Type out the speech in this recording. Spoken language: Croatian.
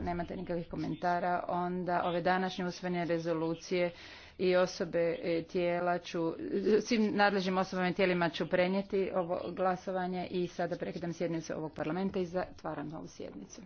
nemate nikakvih komentara, onda ove današnje usvojene rezolucije i osobe e, tijela ću, svim nadležnim osobama i tijelima ću prenijeti ovo glasovanje i sada prekidam sjednicu ovog parlamenta i zatvaram ovu sjednicu.